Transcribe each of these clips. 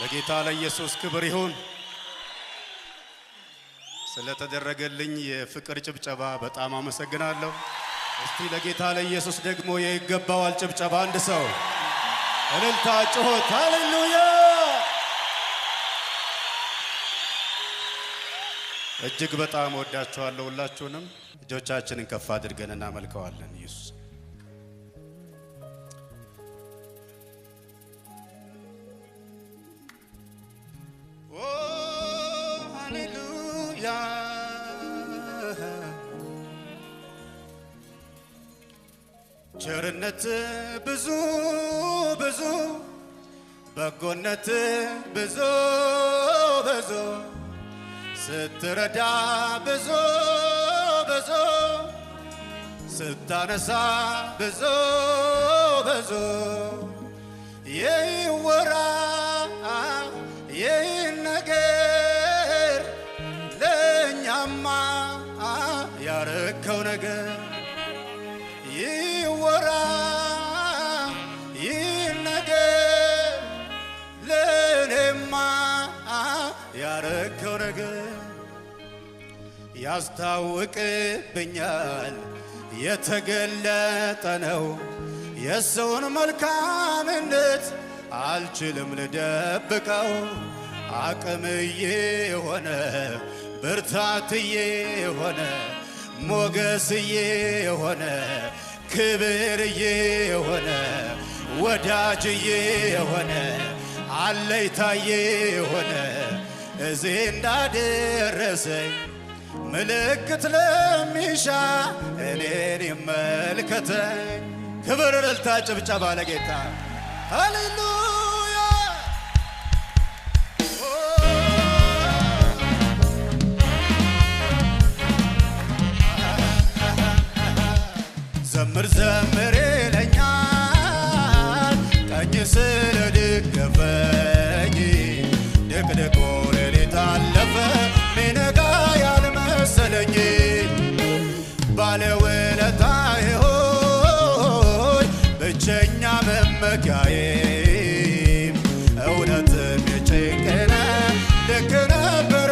ለጌታ ለኢየሱስ ክብር ይሁን። ስለተደረገልኝ የፍቅር ጭብጨባ በጣም አመሰግናለሁ። እስቲ ለጌታ ለኢየሱስ ደግሞ የይገባዋል ጭብጨባ አንድ ሰው እልልታ፣ ጩኸት፣ ሃሌሉያ! እጅግ በጣም ወዳችኋለሁ ሁላችሁንም። እጆቻችንን ከፍ አድርገን እናመልከዋለን ኢየሱስ ቸርነት ብዙ ብዙ በጎነት ብዙ ብዙ ስትረዳ ብዙ ብዙ ስታነሳ ብዙ ብዙ ይወራ ይህ ለእኛማ ያረከው ነገር ያረከው ነገር ያስታውቅብኛል። የተገለጠ ነው የሰውን መልካምነት አልችልም ልደብቀው አቅምዬ የሆነ ብርታትዬ የሆነ ሞገስዬ የሆነ ክብርዬ የሆነ ወዳጅዬ የሆነ አለይታዬ የሆነ እዚህ እንዳደረሰኝ ምልክት ለሚሻ እኔን ይመልከተኝ። ክብር ልታ ጭብጨባ ለጌታ ሃሌሉያ። ዘምር ዘምር ይለኛል ቀኝ መመኪያዬም እውነትም የጭንቅነ ልክ ነበረ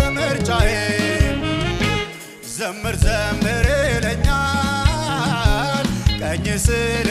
ዘምር ዘምር ይለኛል ቀኝ ስል